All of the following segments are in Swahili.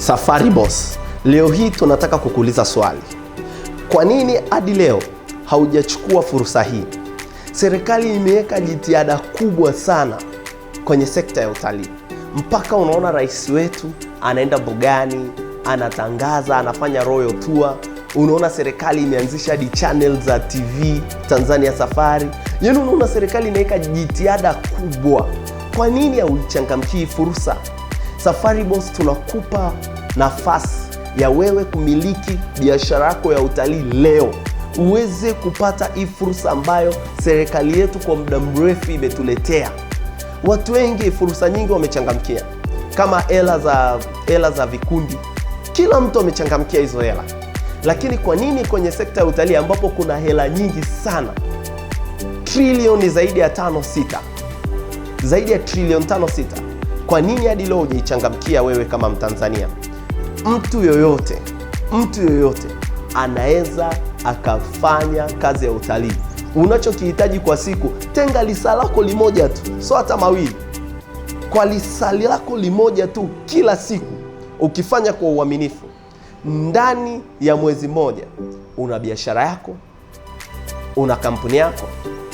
Safari Boss, leo hii tunataka kukuuliza swali. Kwa nini hadi leo haujachukua fursa hii? Serikali imeweka jitihada kubwa sana kwenye sekta ya utalii, mpaka unaona rais wetu anaenda bugani anatangaza, anafanya royal tour. Unaona serikali imeanzisha hadi channel za TV Tanzania Safari, yaani unaona serikali inaweka jitihada kubwa. Kwa nini hauichangamkii fursa? Safari Boss tunakupa nafasi ya wewe kumiliki biashara yako ya utalii leo uweze kupata hii fursa ambayo serikali yetu kwa muda mrefu imetuletea. Watu wengi fursa nyingi wamechangamkia, kama hela za hela za vikundi, kila mtu amechangamkia hizo hela, lakini kwa nini kwenye sekta ya utalii ambapo kuna hela nyingi sana, trilioni zaidi ya tano sita, zaidi ya trilioni tano sita kwa nini hadi leo hujaichangamkia wewe kama Mtanzania? Mtu yoyote, mtu yoyote anaweza akafanya kazi ya utalii. Unachokihitaji kwa siku, tenga lisaa lako limoja tu, so hata mawili, kwa lisa lako limoja tu kila siku, ukifanya kwa uaminifu, ndani ya mwezi mmoja una biashara yako, una kampuni yako,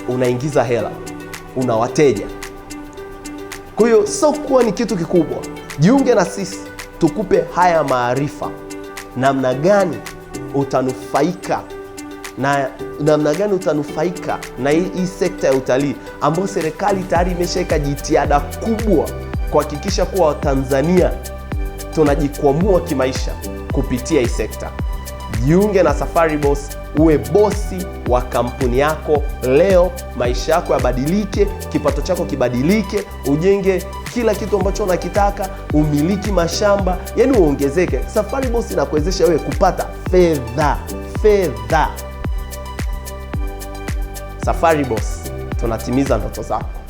unaingiza hela, una wateja. Kwa hiyo sio kuwa ni kitu kikubwa. Jiunge na sisi tukupe haya maarifa, namna gani utanufaika na namna gani utanufaika na hii sekta ya utalii ambayo serikali tayari imeshaweka jitihada kubwa kuhakikisha kuwa Watanzania tunajikwamua kimaisha kupitia hii sekta. Jiunge na Safari Boss, uwe bosi wa kampuni yako leo. Maisha yako yabadilike, kipato chako kibadilike, ujenge kila kitu ambacho unakitaka, umiliki mashamba, yani uongezeke. Safari Boss inakuwezesha wewe kupata fedha, fedha. Safari Boss, tunatimiza ndoto zako.